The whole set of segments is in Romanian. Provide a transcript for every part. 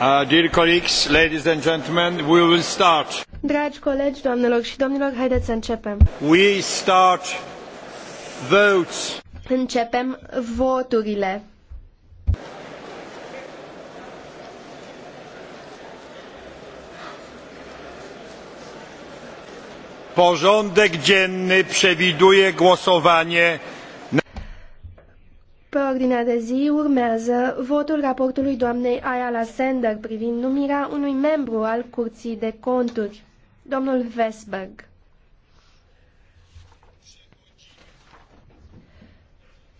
Uh, Dragi colegi, doamnelor și domnilor, haideți să începem. We start votes. Începem voturile. Porządek dzienny przewiduje głosowanie pe ordinea de zi urmează votul raportului doamnei Ayala Sender privind numirea unui membru al Curții de Conturi, domnul Vesberg.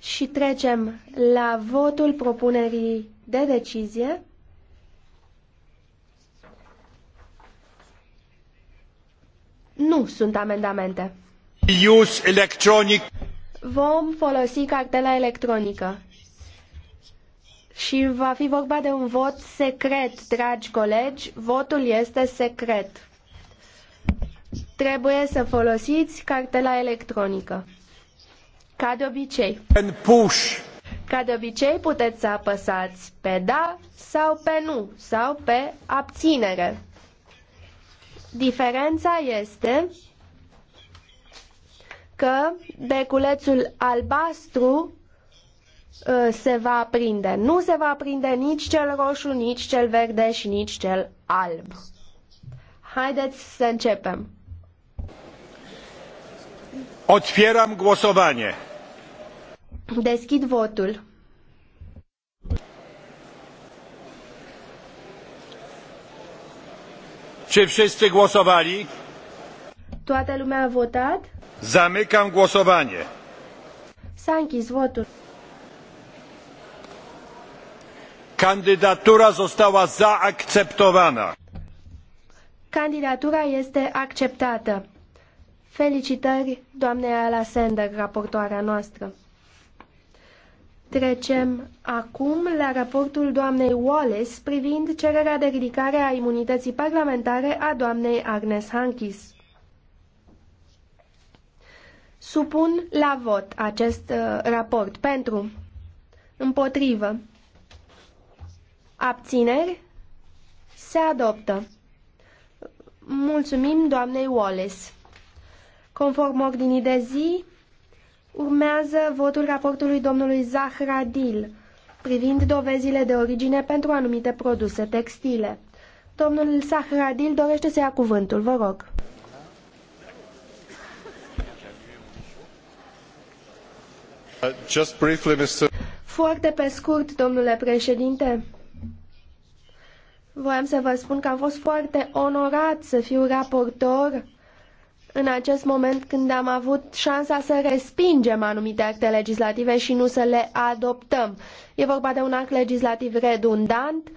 Și trecem la votul propunerii de decizie. Nu sunt amendamente. Use electronic vom folosi cartela electronică. Și va fi vorba de un vot secret, dragi colegi. Votul este secret. Trebuie să folosiți cartela electronică. Ca de obicei. Ca de obicei puteți să apăsați pe da sau pe nu sau pe abținere. Diferența este că beculețul albastru uh, se va aprinde. Nu se va aprinde nici cel roșu, nici cel verde și nici cel alb. Haideți să începem. Otwieram głosowanie. Deschid votul. Czy wszyscy głosowali? Toată lumea a votat? Zamykam głosowanie. S-a închis votul. Candidatura została zaakceptowana. Candidatura este acceptată. Felicitări, Ala Sender, raportoarea noastră. Trecem acum la raportul doamnei Wallace privind cererea de ridicare a imunității parlamentare a doamnei Agnes Hankis. Supun la vot acest uh, raport pentru, împotrivă, abțineri, se adoptă. Mulțumim doamnei Wallace. Conform ordinii de zi, urmează votul raportului domnului Zahradil privind dovezile de origine pentru anumite produse textile. Domnul Zahradil dorește să ia cuvântul, vă rog. Foarte pe scurt, domnule președinte. Voiam să vă spun că am fost foarte onorat să fiu raportor în acest moment când am avut șansa să respingem anumite acte legislative și nu să le adoptăm. E vorba de un act legislativ redundant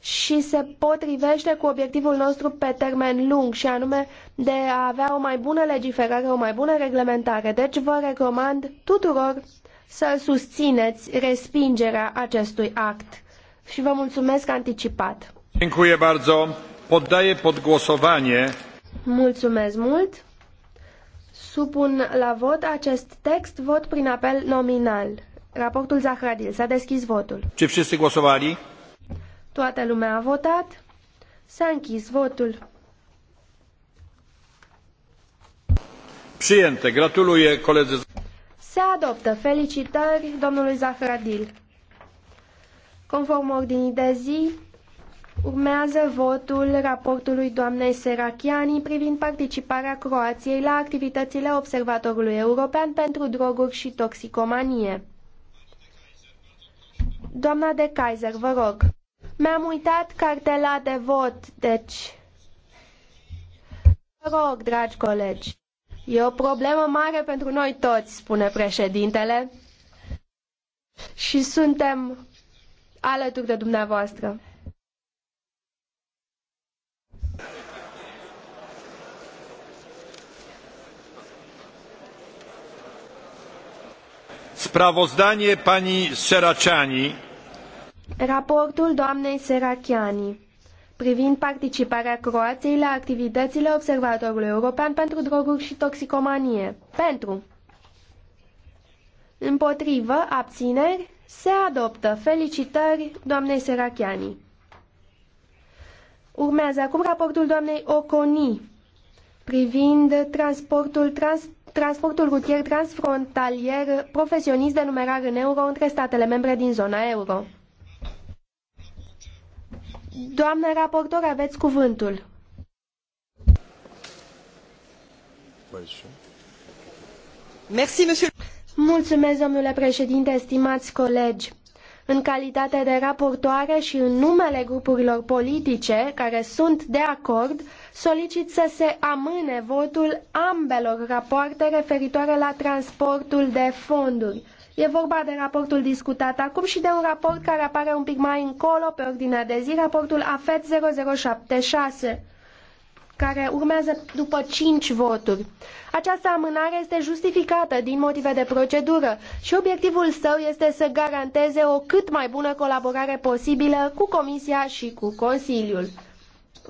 și se potrivește cu obiectivul nostru pe termen lung și anume de a avea o mai bună legiferare, o mai bună reglementare. Deci vă recomand tuturor să susțineți respingerea acestui act. Și vă mulțumesc anticipat. Dziękuję bardzo. Poddaję pod głosowanie. Mulțumesc mult. Supun la vot acest text, vot prin apel nominal. Raportul Zahradil. S-a deschis votul. Ce wszyscy głosowali? Toată lumea a votat. S-a închis votul. Przyjęte. Gratuluję koledze. Se adoptă. Felicitări domnului Zahradil. Conform ordinii de zi, urmează votul raportului doamnei Serachiani privind participarea Croației la activitățile Observatorului European pentru Droguri și Toxicomanie. Doamna de Kaiser, vă rog. Mi-am uitat cartela de vot, deci... Vă rog, dragi colegi. E o problemă mare pentru noi toți, spune președintele, și suntem alături de dumneavoastră. Sprawozdanie pani Seraciani. Raportul doamnei Seraciani privind participarea Croației la activitățile Observatorului European pentru Droguri și Toxicomanie. Pentru. Împotrivă, abțineri, se adoptă. Felicitări, doamnei Serachiani. Urmează acum raportul doamnei Oconi privind transportul, trans, transportul rutier transfrontalier profesionist de numerar în euro între statele membre din zona euro. Doamnă raportor, aveți cuvântul. Mulțumesc, domnule președinte, stimați colegi. În calitate de raportoare și în numele grupurilor politice care sunt de acord, solicit să se amâne votul ambelor rapoarte referitoare la transportul de fonduri E vorba de raportul discutat acum și de un raport care apare un pic mai încolo pe ordinea de zi, raportul AFET 0076 care urmează după cinci voturi. Această amânare este justificată din motive de procedură și obiectivul său este să garanteze o cât mai bună colaborare posibilă cu Comisia și cu Consiliul.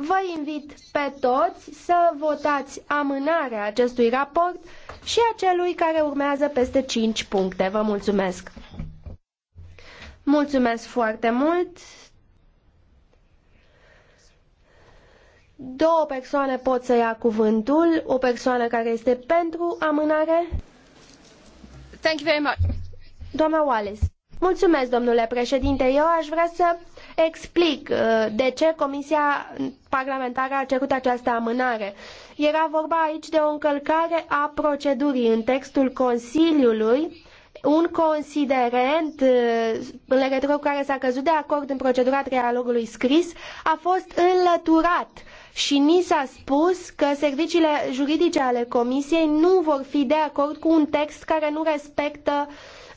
Vă invit pe toți să votați amânarea acestui raport și a celui care urmează peste 5 puncte. Vă mulțumesc! Mulțumesc foarte mult! Două persoane pot să ia cuvântul, o persoană care este pentru amânare. Thank you very much. Doamna Wallace. Mulțumesc, domnule președinte. Eu aș vrea să explic uh, de ce Comisia Parlamentară a cerut această amânare. Era vorba aici de o încălcare a procedurii în textul Consiliului un considerent uh, în legătură cu care s-a căzut de acord în procedura trialogului scris a fost înlăturat și ni s-a spus că serviciile juridice ale Comisiei nu vor fi de acord cu un text care nu respectă uh,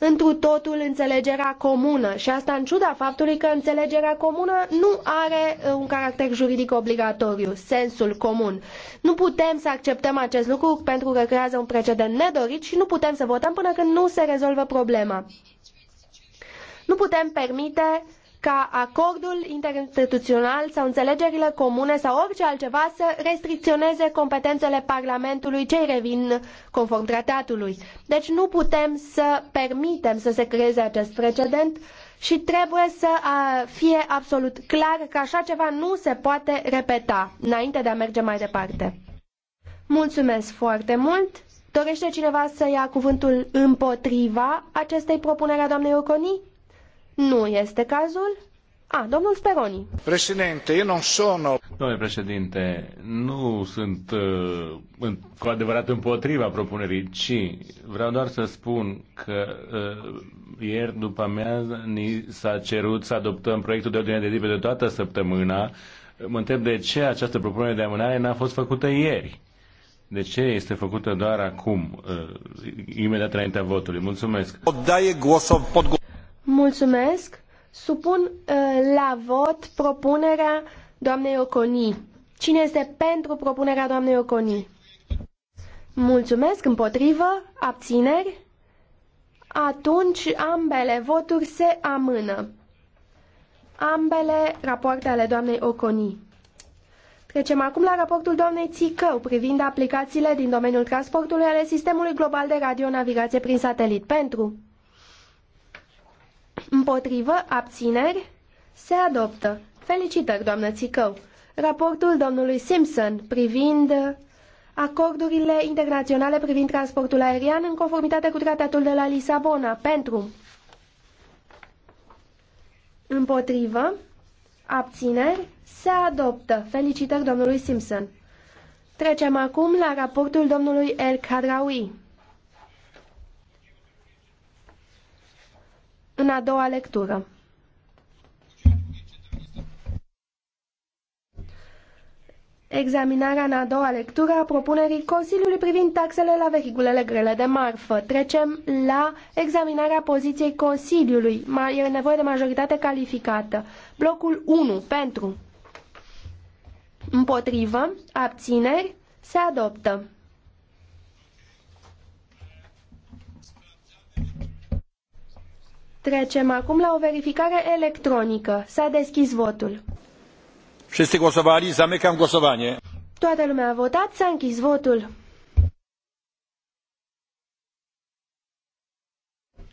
întru totul înțelegerea comună și asta în ciuda faptului că înțelegerea comună nu are uh, un caracter juridic obligatoriu, sensul comun. Nu putem să acceptăm acest lucru pentru că creează un precedent nedorit și nu putem să votăm până când nu se rezolvă problema. Nu putem permite ca acordul interinstituțional sau înțelegerile comune sau orice altceva să restricționeze competențele Parlamentului ce revin conform tratatului. Deci nu putem să permitem să se creeze acest precedent și trebuie să fie absolut clar că așa ceva nu se poate repeta înainte de a merge mai departe. Mulțumesc foarte mult! Dorește cineva să ia cuvântul împotriva acestei propuneri a doamnei Oconi? Nu este cazul? A, domnul Speroni. Președinte, eu nu Domnule președinte, nu sunt uh, în, cu adevărat împotriva propunerii, ci vreau doar să spun că uh, ieri după amiază ni s-a cerut să adoptăm proiectul de ordine de zi de toată săptămâna. Mă întreb de ce această propunere de amânare n-a fost făcută ieri. De ce este făcută doar acum, uh, imediat înaintea votului? Mulțumesc. Oddaie głosow pod Mulțumesc. Supun uh, la vot propunerea doamnei Oconi. Cine este pentru propunerea doamnei Oconi? Mulțumesc, împotrivă, abțineri. Atunci ambele voturi se amână. Ambele rapoarte ale doamnei Oconi. Trecem acum la raportul doamnei Țicău privind aplicațiile din domeniul transportului ale sistemului global de radionavigație prin satelit. Pentru. Împotrivă, abțineri, se adoptă. Felicitări, doamnă Țicău. Raportul domnului Simpson privind acordurile internaționale privind transportul aerian în conformitate cu tratatul de la Lisabona pentru împotrivă, abțineri, se adoptă. Felicitări domnului Simpson. Trecem acum la raportul domnului El Khadraoui în a doua lectură. Examinarea în a doua lectură a propunerii Consiliului privind taxele la vehiculele grele de marfă. Trecem la examinarea poziției Consiliului. E nevoie de majoritate calificată. Blocul 1. Pentru. Împotrivă. Abțineri. Se adoptă. Trecem acum la o verificare electronică. S-a deschis votul. Wszyscy głosowali, zamykam głosowanie. Toată lumea a votat, s-a închis votul.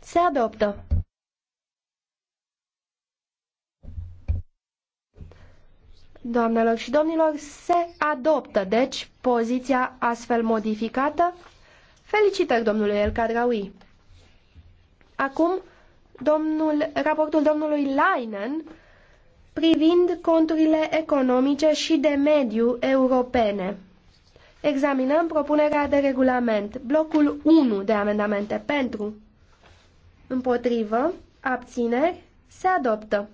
Se adoptă. Doamnelor și domnilor, se adoptă, deci, poziția astfel modificată. Felicitări domnului El Cadraui. Acum domnul, raportul domnului Leinen privind conturile economice și de mediu europene. Examinăm propunerea de regulament, blocul 1 de amendamente pentru, împotrivă, abțineri, se adoptă.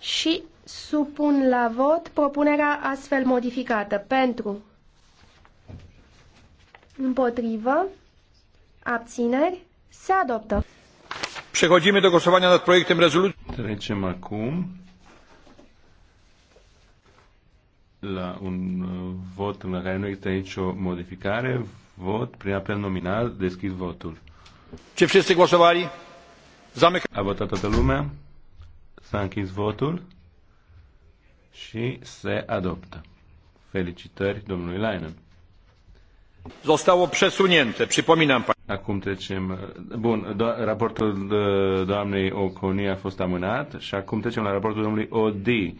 Și supun la vot propunerea astfel modificată pentru, Împotrivă. Abțineri. Se adoptă. Przechodzimy do głosowania nad projektem rezolucji. Trecem acum la un vot în care nu există nicio modificare. Vot prin apel nominal. Deschid votul. Ce vreți să Zamec. A votat toată lumea. S-a închis votul și se adoptă. Felicitări domnului Leinen. Zostało przesunięte, przypominam Państwu. Acum trecem. Bun, do, raportul doamnei Oconi a fost amânat și acum trecem la raportul domnului Odi.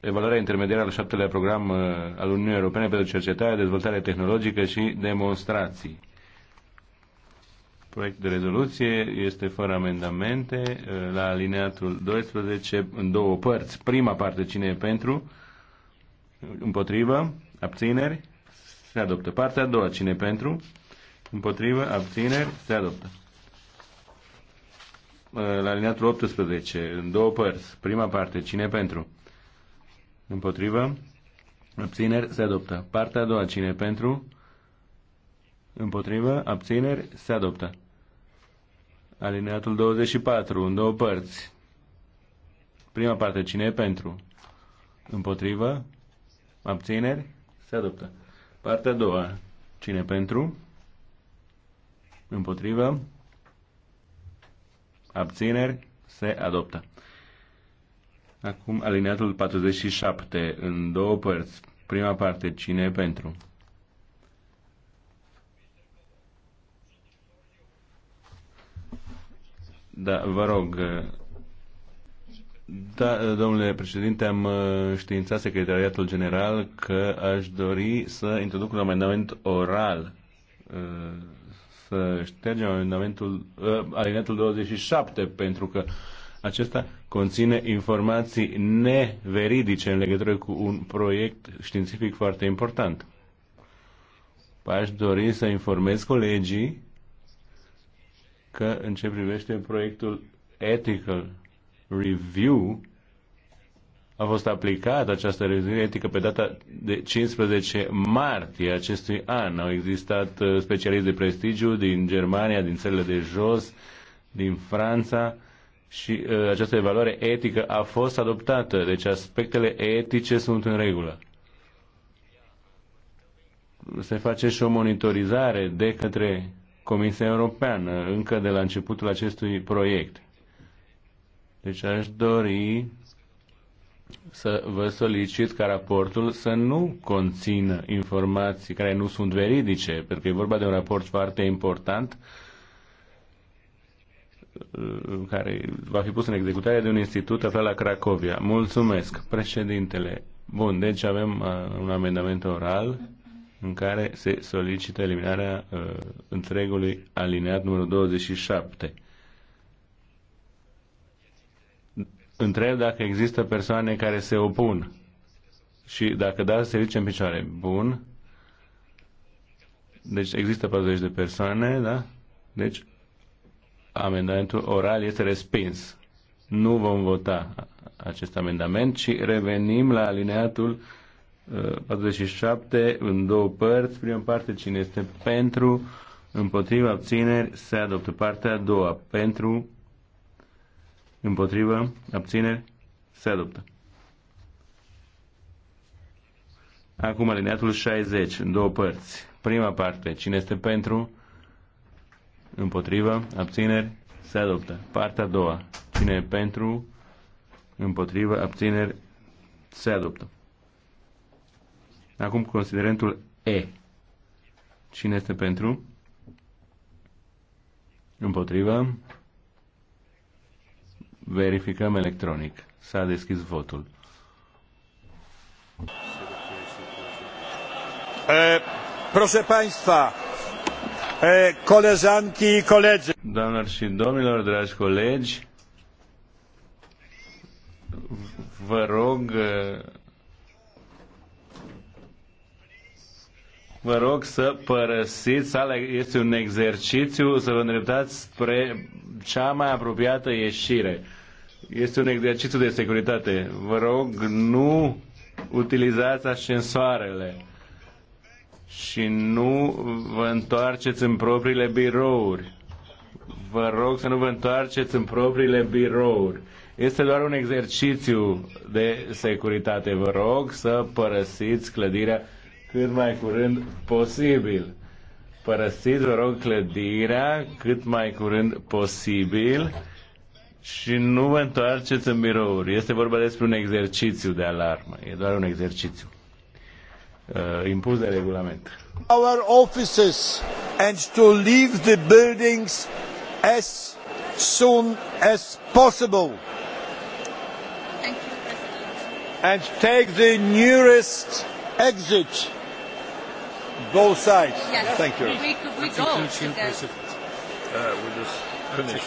Evaluarea intermediară al șaptelea program al Uniunii Europene pentru cercetare, dezvoltare tehnologică și demonstrații. Proiectul de rezoluție este fără amendamente la alineatul 12 în două părți. Prima parte, cine e pentru? Împotrivă? Abțineri? Se adoptă. Partea a doua. Cine pentru? Împotrivă. Abțineri. Se adoptă. La alineatul 18, în două părți. Prima parte. Cine pentru? Împotrivă. Abțineri. Se adoptă. Partea a doua. Cine pentru? Împotrivă. Abțineri. Se adoptă. Alineatul 24, în două părți. Prima parte, cine e pentru? Împotrivă? Abțineri? Se adoptă. Partea a doua. Cine pentru? Împotrivă? Abțineri? Se adoptă. Acum alineatul 47 în două părți. Prima parte, cine e pentru? Da, vă rog, da, domnule președinte, am uh, științat Secretariatul General că aș dori să introduc un amendament oral uh, să ștergem amendamentul, uh, alineatul 27, pentru că acesta conține informații neveridice în legătură cu un proiect științific foarte important. Aș dori să informez colegii că în ce privește proiectul Ethical review a fost aplicată această revizuire etică pe data de 15 martie acestui an. Au existat uh, specialiști de prestigiu din Germania, din țările de jos, din Franța și uh, această evaluare etică a fost adoptată. Deci aspectele etice sunt în regulă. Se face și o monitorizare de către Comisia Europeană încă de la începutul acestui proiect. Deci aș dori să vă solicit ca raportul să nu conțină informații care nu sunt veridice, pentru că e vorba de un raport foarte important uh, care va fi pus în executare de un institut aflat la Cracovia. Mulțumesc, președintele. Bun, deci avem uh, un amendament oral în care se solicită eliminarea uh, întregului alineat numărul 27. întreb dacă există persoane care se opun. Și dacă da, se ridice în picioare. Bun. Deci există 40 de persoane, da? Deci amendamentul oral este respins. Nu vom vota acest amendament, ci revenim la alineatul 47 uh, în două părți. Prima parte, cine este pentru, împotriva, abțineri, se adoptă. Partea a doua, pentru, Împotrivă. Abțineri. Se adoptă. Acum alineatul 60 în două părți. Prima parte. Cine este pentru? Împotrivă. Abțineri. Se adoptă. Partea a doua. Cine e pentru? Împotrivă. Abțineri. Se adoptă. Acum considerentul E. Cine este pentru? Împotrivă. Verificăm electronic. S-a deschis votul. E, proszę Państwa, e, koleżanki i koledzy. Doamnelor și domnilor, dragi colegi, vă rog, vă rog să părăsiți sala. Este un exercițiu să vă îndreptați spre cea mai apropiată ieșire. Este un exercițiu de securitate. Vă rog, nu utilizați ascensoarele și nu vă întoarceți în propriile birouri. Vă rog să nu vă întoarceți în propriile birouri. Este doar un exercițiu de securitate. Vă rog să părăsiți clădirea cât mai curând posibil. Părăsiți, vă rog, clădirea cât mai curând posibil și nu vă întoarceți în birouri. Este vorba despre un exercițiu de alarmă. E doar un exercițiu uh, impus de regulament. Our offices and to leave the buildings as soon as possible. And take the nearest exit. Both sides. Yes. Thank you. We, we, we go. Uh, we just finish.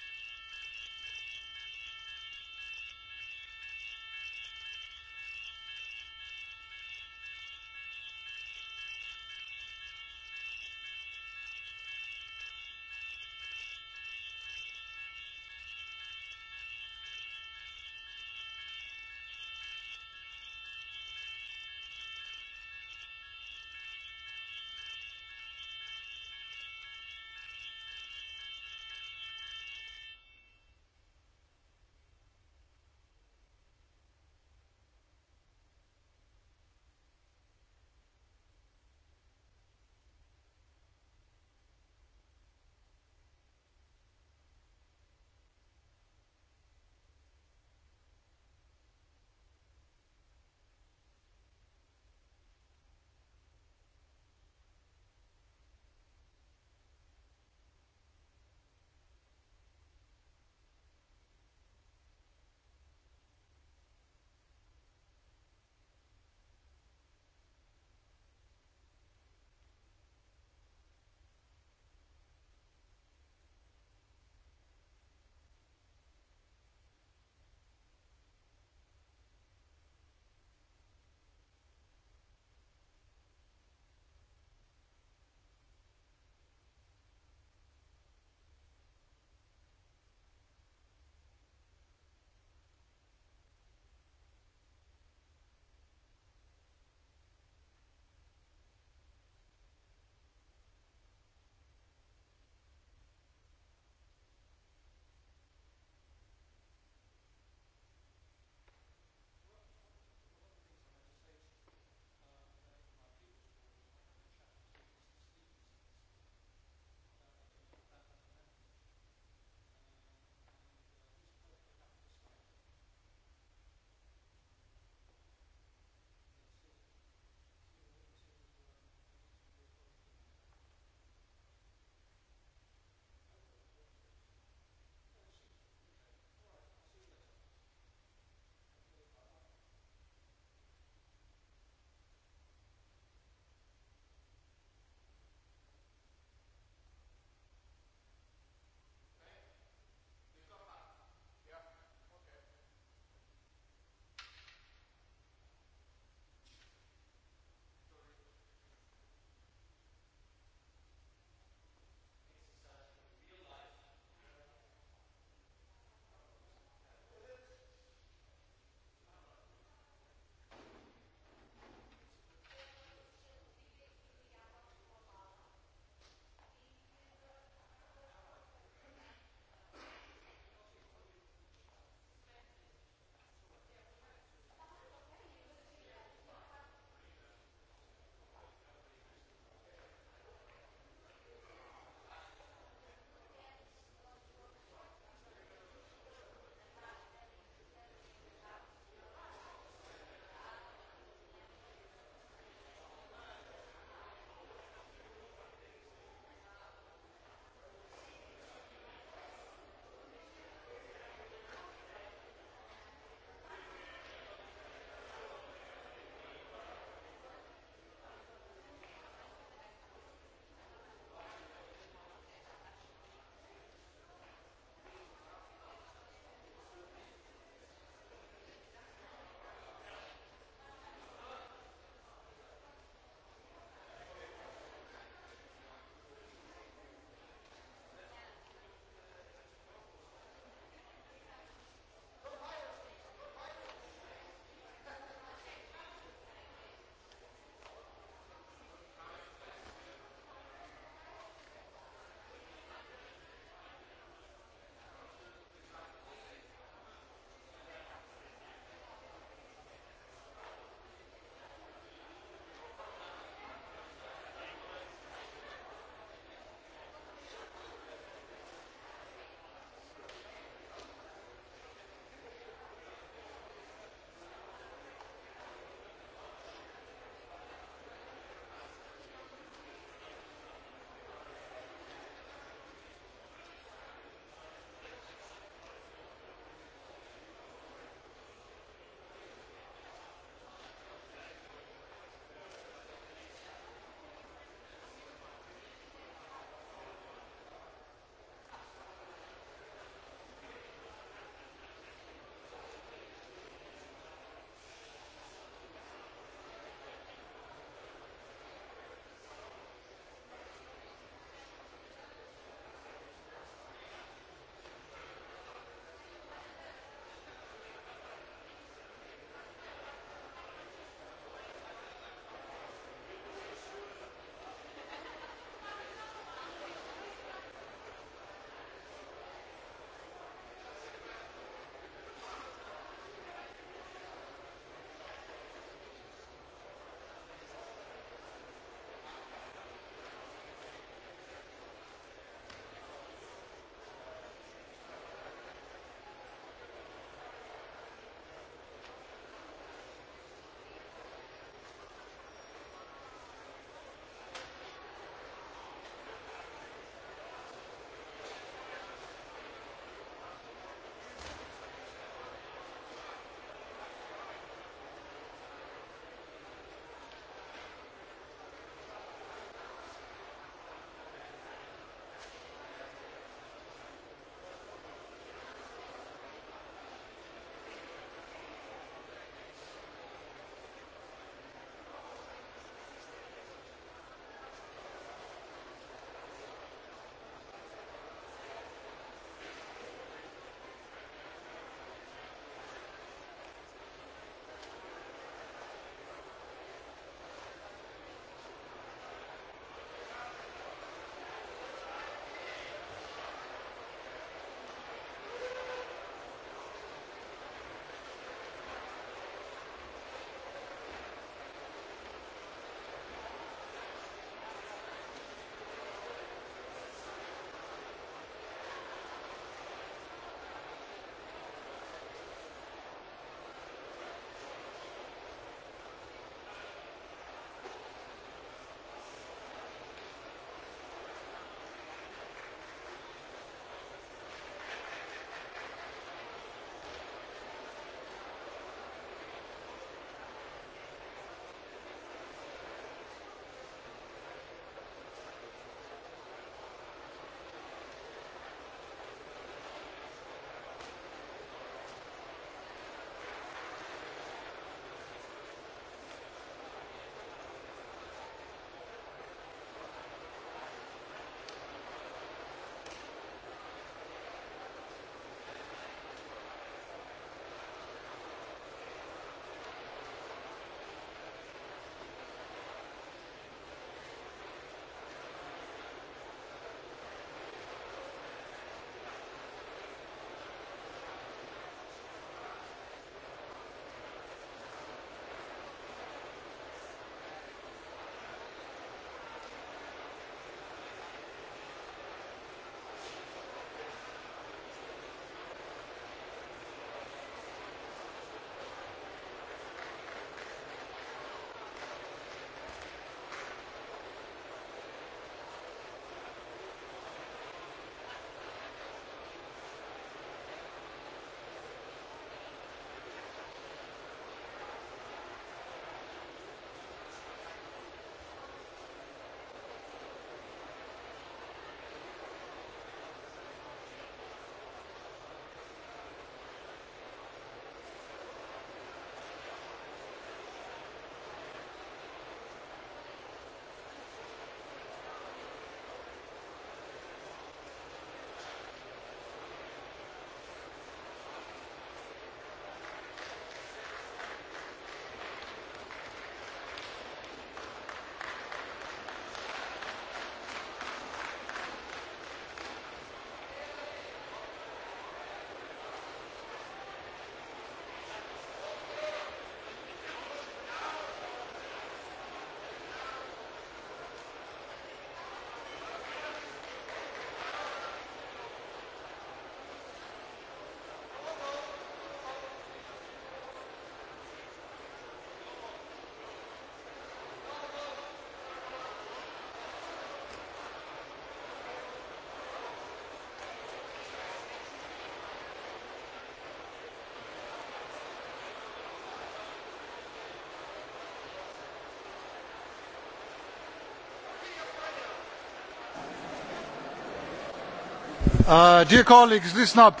Uh, dear colleagues, listen up.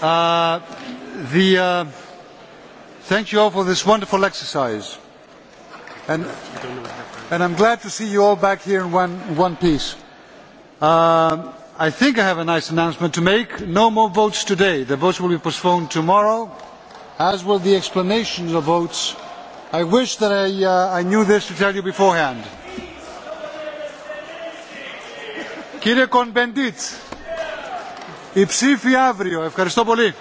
Uh, the, uh, thank you all for this wonderful exercise. And, and I'm glad to see you all back here in one, in one piece. Uh, I think I have a nice announcement to make. No more votes today. The votes will be postponed tomorrow, as will the explanations of votes. I wish that I, uh, I knew this to tell you beforehand. Κύριε Κονπεντίτς, η ψήφη αύριο. Ευχαριστώ πολύ.